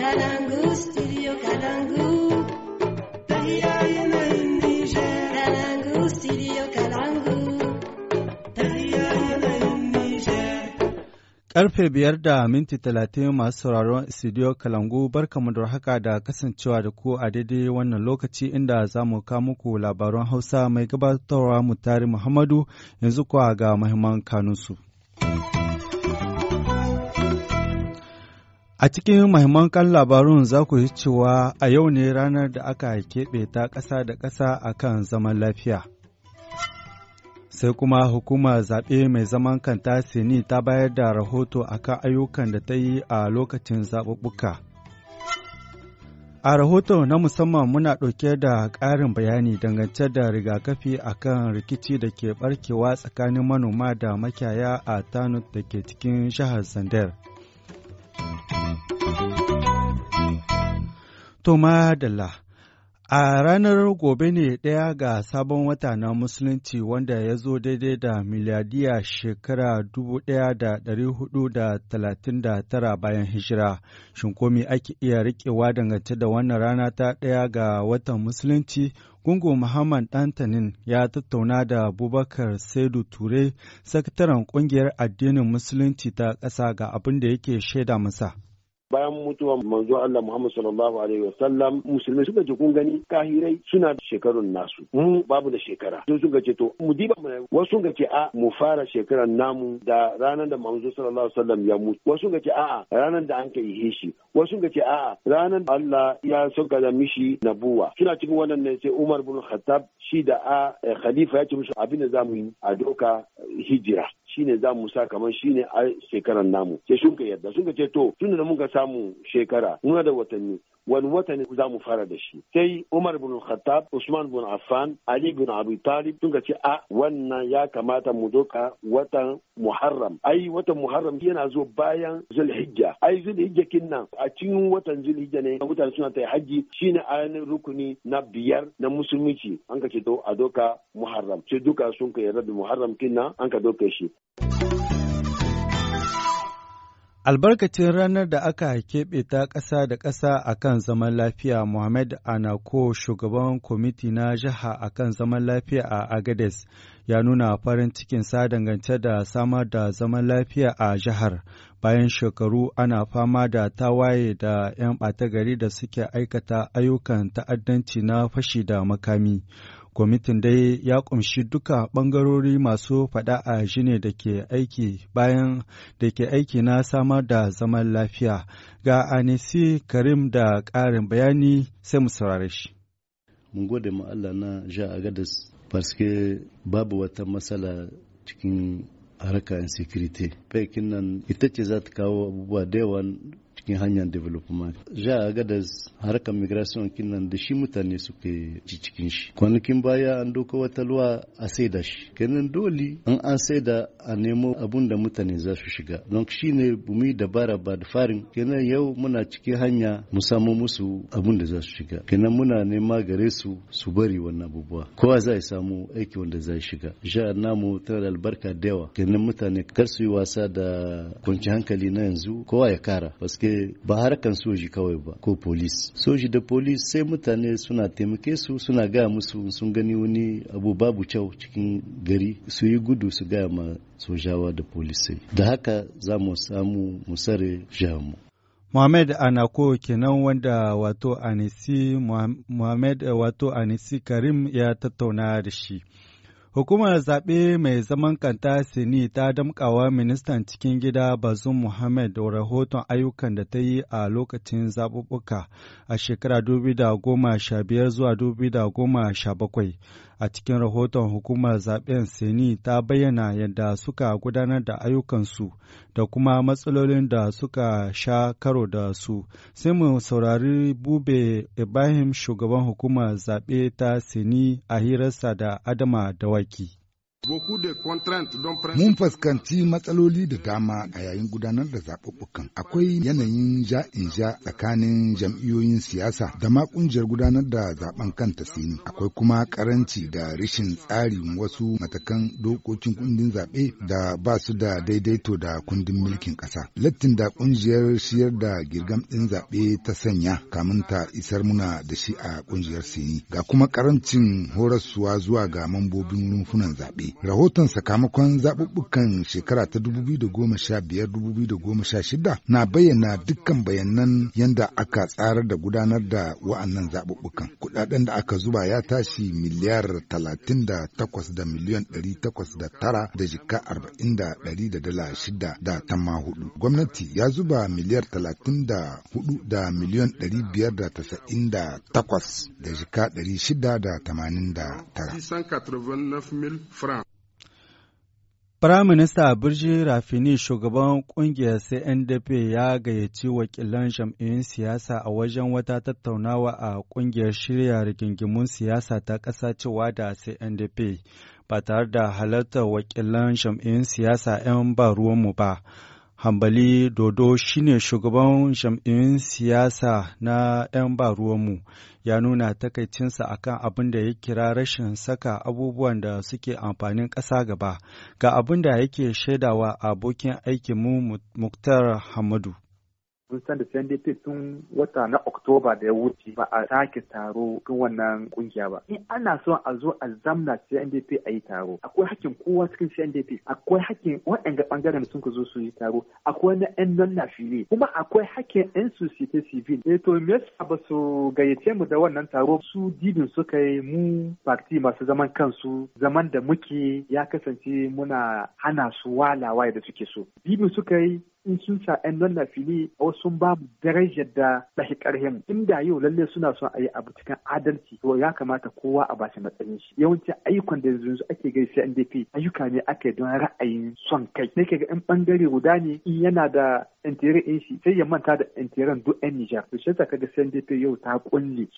Kalangu, Karfe biyar da minti talatin masu sauraron studio Kalangu barkamu da haka da kasancewa da ku a daidai wannan lokaci inda za mu kawo muku labaran Hausa mai gabatarwa Mutari Muhammadu yanzu kuwa ga mahimman kanunsu. A cikin mahimman kan labarun za ku yi cewa a yau ne ranar da aka keɓe ta ƙasa da ƙasa a kan zaman lafiya. Sai kuma hukumar zaɓe mai zaman kanta Sini ta bayar da rahoto a kan ayyukan da ta yi a lokacin zaɓuɓɓuka. A rahoto na musamman muna ɗauke da ƙarin bayani dangance da rigakafi a kan rikici da ke ɓarkewa tsakanin manoma da makiyaya a Tanut da ke cikin jihar Zandar. To madalla. A ranar gobe ne ɗaya ga sabon wata na Musulunci wanda ya zo daidai da miliyadiya shekara 1439 bayan hijira. Shin komi ake iya riƙewa dangance da wannan rana ta ɗaya ga watan Musulunci? Gungun Muhammad Dantanin ya tattauna da Abubakar Saidu Ture, sakataren ƙungiyar addinin Musulunci ta ƙasa ga abin da yake shaida masa. bayan mutuwa manzo Allah Muhammad sallallahu alaihi wasallam musulmai suka ce kun gani kahirai suna da shekarun nasu mu babu da shekara sun suka ce to mu diba mu wasu suka ce a mu fara shekaran namu da ranar da manzo sallallahu alaihi wasallam ya mutu wasu suka ce a'a ranar da an kai shi wasu suka ce a'a ranar Allah ya sauka da mishi nabuwa suna cikin wannan ne sai Umar bin Khattab shi da a ah, khalifa ya ce musu abin da zamu yi a doka hijira shine za mu sa kamar shine a shekarar namu sai sun ka yarda ce to tun da muka samu shekara muna da watanni wani watanni za mu fara da shi sai Umar bin Khattab Usman bin Affan Ali bin abu Talib sun ce a wannan ya kamata mu doka watan Muharram ai watan Muharram yana zo bayan Zulhijja ai Zulhijja kinnan a cikin watan Zulhijja ne mutane suna ta haji shine ayanin rukuni na biyar na musulunci an ka ce to a doka Muharram sai duka sun ka yarda da Muharram kinnan an ka doka shi Albarkacin ranar da aka keɓe ta ƙasa da ƙasa a kan zaman lafiya Mohamed Anako shugaban kwamiti na jiha a kan zaman lafiya a Agades ya nuna farin cikin sa dangance da samar da zaman lafiya a jihar. Bayan shekaru ana fama da tawaye da 'yan ɓata gari da suke aikata ayyukan ta'addanci na fashi da makami. Kwamitin dai ya ƙumshi duka ɓangarori masu faɗa a shine da ke aiki bayan da ke aiki na samar da zaman lafiya. Ga Anisi Karim da ƙarin bayani sai mu shi. Mun gode ma Allah na ja Agadas parce babu wata matsala cikin harkar insecurity. Faikin nan ita ce za ta kawo abubuwa da yawa cikin hanyar development a ga da harkar migration kinan da shi mutane suke ci cikin shi kwanakin baya an doka wata luwa a saida shi kenan dole an an saida a nemo abun da mutane za su shiga don shi ne bumi dabara ba da farin kenan yau muna cikin hanya mu samu musu abun da za su shiga kenan muna nema gare su su bari wannan abubuwa kowa za ya samu aiki wanda za shiga ja namu tana da albarka da yawa kenan mutane kar su yi wasa da kwanci hankali na yanzu kowa ya kara paske ba harkan soji kawai ba ko polis soji da polis sai mutane suna taimake su suna gaya musu sun gani wani abu babu kyau cikin gari su yi gudu su gaya ma sojawa da polisai da haka za mu samu musare jamu Muhammad Anako kenan wanda wato Anisi Muhammad wato Anisi Karim ya tattauna da shi. Hukumar zaɓe mai zaman kanta Sini ta damƙawa ministan cikin gida Bazum Muhammad rahoton ayyukan da ta yi a lokacin zaɓuɓɓuka a shekara 2015 zuwa 2017. A cikin rahoton hukumar zaben Seni ta bayyana yadda suka gudanar da ayyukansu da kuma matsalolin da suka sha karo da su. Sai mu saurari Bube Ibrahim shugaban hukumar zaɓe ta Seni a hirarsa da Adama Dawaki. Mun fuskanci matsaloli da dama a yayin gudanar da zaɓuɓɓukan. Akwai yanayin ja in ja tsakanin jam'iyyoyin siyasa da ma ƙungiyar gudanar da zaɓen kanta sini. Akwai kuma karanci da rashin tsarin wasu matakan dokokin kundin zaɓe da ba su da daidaito da kundin mulkin ƙasa. Lattin da ƙungiyar shiyar da girgam ɗin zaɓe ta sanya kamun ta isar muna da shi a ƙungiyar sini. Ga kuma karancin horaswa zuwa ga mambobin rumfunan zaɓe. Rahoton sakamakon zaɓuɓɓukan shekara ta 2015-2016 na bayyana dukkan bayanan yadda aka tsara da gudanar da wa'annan zaɓuɓɓukan. Kuɗaɗen da aka zuba ya tashi miliyar 38 da miliyan 809 da jika 40 da ɗari da dala shida da tamma hudu. Gwamnati ya zuba miliyar 34 da miliyan 598 da jika 689. Firaminista Birji Rafini shugaban kungiyar CNDP ya gayyaci wakilan jam'iyyun siyasa a wajen wata tattaunawa a kungiyar shirya rigingimun siyasa ta ƙasa cewa da CNDP ba tare da halartar wakilan jam'iyyun siyasa 'yan ba ruwanmu ba. Hambali Dodo shine shugaban jam'iyyun siyasa na 'yan baruwanmu ya nuna takaicinsa akan abin da ya kira rashin saka abubuwan da suke amfanin ƙasa gaba ga abin da yake shaidawa abokin aikinmu Muktar Hamadu. mun san da CNDP tun wata na Oktoba da ya wuce ba a sake taro kan wannan kungiya ba. In ana so a zo a zamna CNDP a yi taro, akwai hakkin kowa cikin CNDP, akwai hakkin waɗanda ɓangaren sun ka zo su yi taro, akwai na ƴan nan na fili, kuma akwai hakkin 'yan societe civil. Eh to me yasa ba su gayyace mu da wannan taro su dibin suka yi mu parti masu zaman kansu zaman da muke ya kasance muna hana su walawa da suke so. Dibin suka yi in sun sa 'yan fili a wasu sun ba darajar da tafi ƙarhin inda yau lalle suna son a yi abu cikin adalci to ya kamata kowa a bashi matsayin shi yawanci ayyukan da yanzu ake gani sai NDP ayyuka ne ake don ra'ayin son kai ne ga in ɓangare guda ne in yana da intirin in shi sai ya manta da intirin duk 'yan Nijar to shi kaga sai NDP yau ta kulle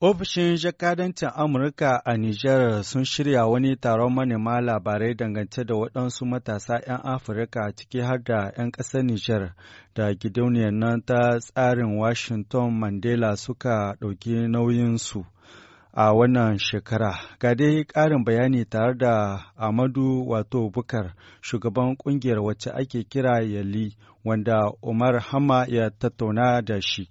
Ofishin jakadancin Amurka a Nijar sun shirya wani taron manema labarai dangance da waɗansu matasa 'yan Afirka ciki har da 'yan ƙasar Nijar da gidauniyar nan ta tsarin Washington Mandela suka ɗauki nauyinsu a wannan shekara. Ga dai ƙarin bayani tare da Amadu Wato Bukar, shugaban ƙungiyar wacce ake kira Yali, wanda Umar Hama ya tattauna da shi.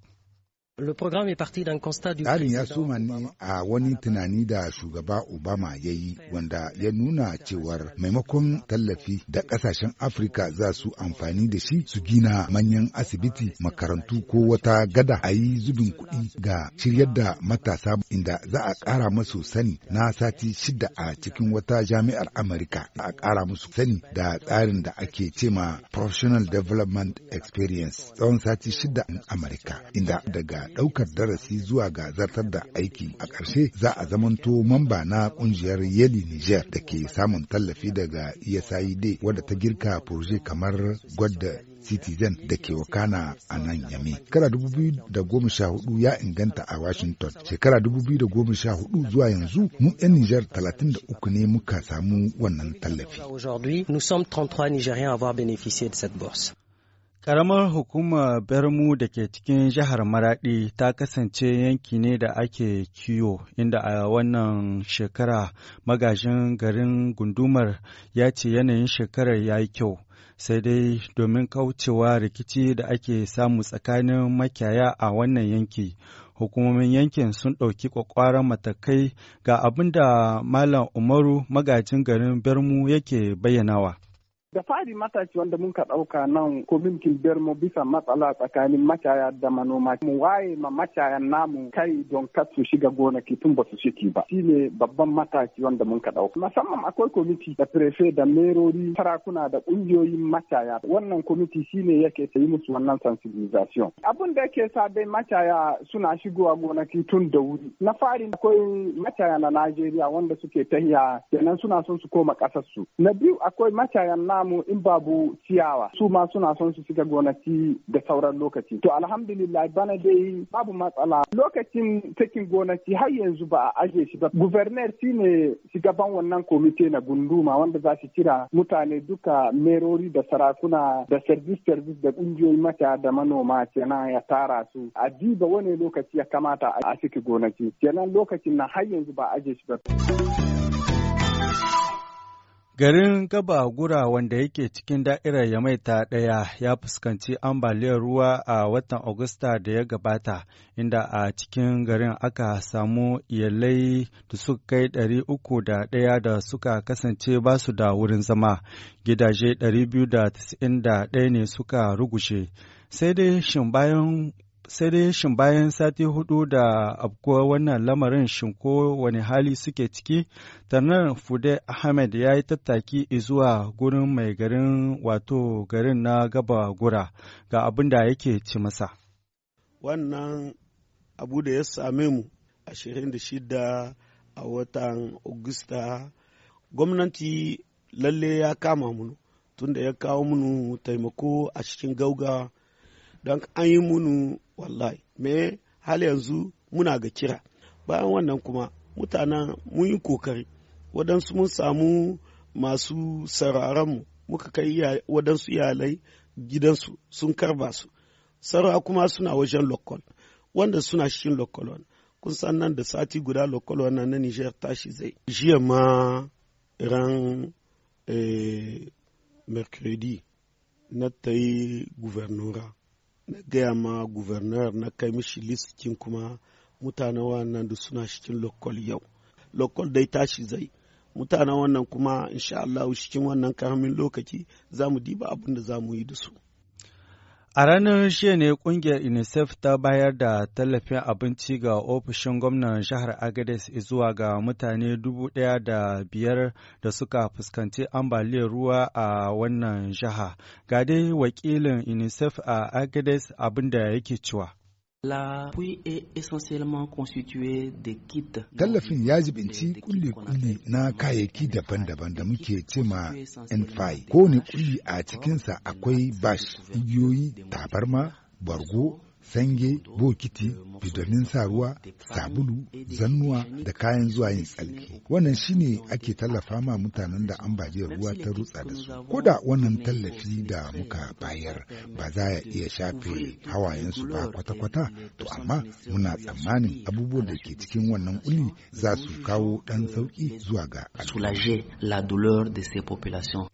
Tsarin ya suma ne a wani tunani da shugaba Obama ya yi wanda ya nuna cewar maimakon tallafi da ƙasashen Afirka za su amfani da shi su gina manyan asibiti, makarantu ko wata gada a yi zubin kuɗi ga shiryar da matasa inda za a ƙara masu sani na sati shida a cikin wata jami'ar Amurka a ƙara musu sani da tsarin da ake cema Professional Development Experience tsawon sati shida in Amurka inda daga A ɗaukar darasi zuwa ga zartar da aiki a ƙarshe za a zamanto mamba na ƙungiyar yeli niger da ke samun tallafi daga usaid e wadda ta girka furje kamar gwadda citizen da ke wakana a nan yami. shekara 2014 ya inganta a washington shekara 2014 zuwa yanzu mu 'yan niger 33 ne muka samu wannan tallafi Aujourd'hui, nous sommes 33 Nigériens à avoir bénéficié de cette bourse. Karamar hukumar Bermu da ke cikin jihar Maraɗi ta kasance yanki ne da ake kiwo, inda a wannan shekara magajin garin gundumar ya ce yanayin shekarar ya yi kyau. Sai dai domin kaucewa rikici da ake samu tsakanin makiyaya a wannan yanki, hukumomin yankin sun ɗauki ƙwaƙwaran matakai ga abin da Malam Umaru magajin garin Bermu yake bayyanawa. da fari mataki wanda mun ka ɗauka nan biyar mu bisa matsala tsakanin macaya da manoma mu waye ma macayan namu kai don kar su shiga gonaki tun ba su shiki ba shine babban mataki wanda mun ka ɗauka musamman akwai komiti da prefe da merori sarakuna da ƙungiyoyin macaya wannan komiti shine yake ta yi musu wannan sensibilisation. abin da yake sa dai macaya suna shigowa gonaki tun da wuri na fari akwai macaya na Najeriya wanda suke tahiya kenan suna son su koma ƙasarsu na biyu akwai macayan namu samu in babu ciyawa su ma suna son su shiga gonaki da sauran lokaci to alhamdulillah bana dai babu matsala lokacin cikin gonaki har yanzu ba a aje shi ba shi shine shugaban wannan komite na gunduma wanda za su kira mutane duka merori da sarakuna da service service da kungiyoyi mata da manoma kenan ya tara su a diba wani lokaci ya kamata a ciki gonaki kenan lokacin na har yanzu ba aje shi ba Garin Gaba Gura wanda yake cikin da'irar ta ɗaya ya fuskanci ambaliyar ruwa a watan Agusta da ya gabata, inda a cikin garin aka samu iyalai da suka kai ɗari uku da ɗaya da suka kasance basu da wurin zama, gidaje ɗari biyu da da ɗaya ne suka rugushe. Sai dai shin bayan sai dai shin bayan sati hudu da abkuwa wannan lamarin shin ko wani hali suke ciki tannan fude ahmed ya yi tattaki zuwa gurin mai garin wato garin na gaba gura ga abin da yake ci masa wannan abu da ya same mu 26 a watan augusta gwamnati lalle ya kama munu tunda ya kawo munu taimako a cikin gauga don an yi munu wallahi me hal yanzu muna ga kira bayan wannan kuma mutanen mun yi kokari waɗansu mun samu masu mu muka kai waɗansu iyalai gidansu sun karba su saura kuma suna wajen lokal wanda suna cikin lokal kun san nan da sati guda lokal wannan na nijar tashi zai jiya ma ran eh, mercredi na ta yi guvernora na gaya ma guvernar na kai mishi listin kuma mutanen wannan da suna cikin lokal yau lokal dai tashi zai mutanen wannan kuma insha Allah cikin wannan karamin lokaci za mu diba abin da za mu yi da su A ranar shiya ne ƙungiyar UNICEF ta bayar da tallafin abinci ga ofishin gwamnan jihar Agadez zuwa ga mutane dubu ɗaya da biyar da suka fuskanci ambaliyar ruwa a wannan jiha. Ga dai wakilin UNICEF a Agadez abin da yake cewa. La est essentiellement constitué de kits. Tallafin ya jibinci kulle-kulle na kayayyaki daban-daban da muke cema NFI. Kowane kulli a cikinsa akwai bash, igiyoyi, tabarma, bargo, sange, bokiti, bidonin sa ruwa, sabulu, zannuwa da kayan zuwa yin tsalki. Wannan shine ake tallafa ma mutanen da ambaliyar ruwa ta rutsa da su. Ko da wannan tallafi da muka bayar ba za ya iya shafe hawayensu ba kwata-kwata, to amma muna tsammanin abubuwan da ke cikin wannan uli za su kawo ɗan sauƙi zuwa ga la de al'umma.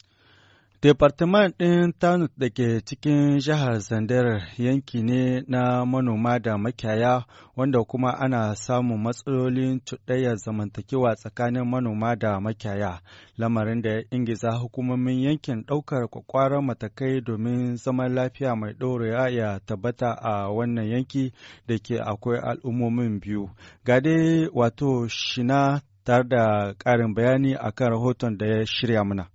Departement ɗin Tanut da ke cikin jihar Zandar yanki ne na manoma da makiyaya wanda kuma ana samun matsalolin cuɗayar zamantakewa tsakanin manoma da makiyaya, lamarin da ya ingiza hukumomin yankin ɗaukar kwakwaran matakai domin zaman lafiya mai ɗorewa ya tabbata a wannan yanki da ke akwai al'ummomin biyu. Gade wato shina tare da ƙarin bayani akan rahoton da ya shirya mana.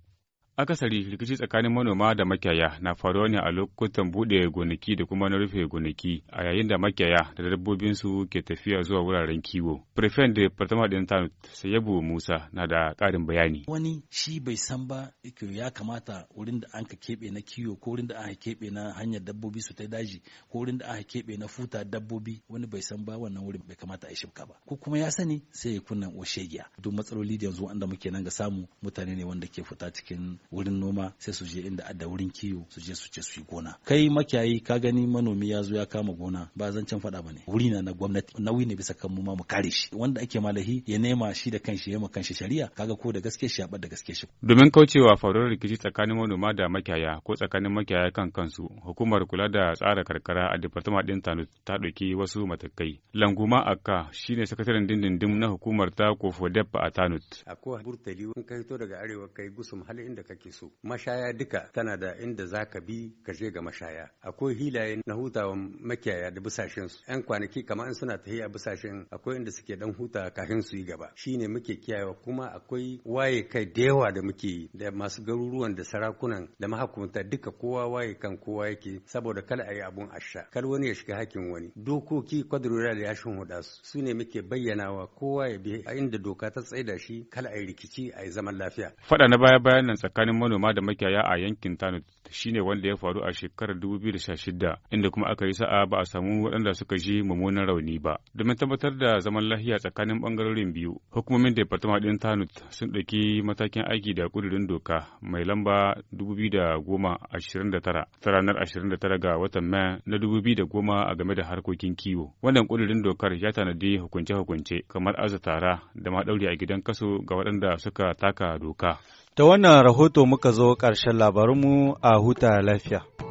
Akasari rikici tsakanin manoma da makiyaya na faruwa ne a lokutan buɗe gonaki da kuma na rufe gonaki a yayin da makiyaya da dabbobinsu ke tafiya zuwa wuraren kiwo. Prefen da Fartama ɗin Tanut Sayabu Musa na da ƙarin bayani. Wani shi bai san ba ya kamata wurin da anka keɓe na kiwo ko wurin da aka keɓe na hanyar dabbobi su ta daji ko wurin da aka keɓe na futa dabbobi wani bai san ba wannan wurin bai kamata a shibka ba ko kuma ya sani sai ya kunna oshegiya. Duk matsaloli da yanzu wanda muke nan ga samu mutane ne wanda ke fita cikin wurin noma sai su je inda da wurin kiwo su je su ce su yi gona kai makiyayi ka gani manomi ya zo ya kama gona ba zancen faɗa ba ne. wuri na na gwamnati nauyi ne bisa kan mu ma mu kare shi wanda ake malahi ya nema shi da kanshi ya ma kanshi shari'a kaga ko da gaske shi ya da gaske shi domin kaucewa faruwar rikici tsakanin manoma da makiyaya ko tsakanin makiyaya kan kansu hukumar kula da tsara karkara a departament din Tano ta ɗauki wasu matakai languma akka shine sakataren dindindin na hukumar ta kofo kofodep a Tanut akwai burtali an kai to daga arewa kai gusum hal inda ka kake so mashaya duka tana da inda za ka bi ka je ga mashaya akwai hilaye na hutawa makiyaya da busashen su yan kwanaki kamar in suna tafiya busashen akwai inda suke dan huta kafin su yi gaba shine muke kiyayewa kuma akwai waye kai da yawa da muke yi da masu garuruwan da sarakunan da mahakunta duka kowa waye kan kowa yake saboda kada a yi abun asha kar wani ya shiga hakin wani dokoki kwadurura da yashin huda su sune ne muke bayyanawa kowa ya bi a inda doka ta tsaida shi kala a yi rikici a yi zaman lafiya. Faɗa na baya bayan nan tsakanin tsakanin manoma da makiyaya a yankin Tano shine wanda ya faru a shekarar 2016 inda kuma aka yi sa'a ba a samu waɗanda suka ji mummunan rauni ba. Domin tabbatar da zaman lafiya tsakanin bangarorin biyu, hukumomin Departement ɗin Tano sun ɗauki matakin aiki da ƙudurin doka mai lamba 2010 ta ranar 29 ga watan Mai na 2010 a game da harkokin kiwo. Wannan ƙudurin dokar ya tanadi hukunce-hukunce kamar aza tara da ma a gidan kaso ga waɗanda suka taka doka. ta wannan rahoto muka zo ƙarshen mu a huta lafiya.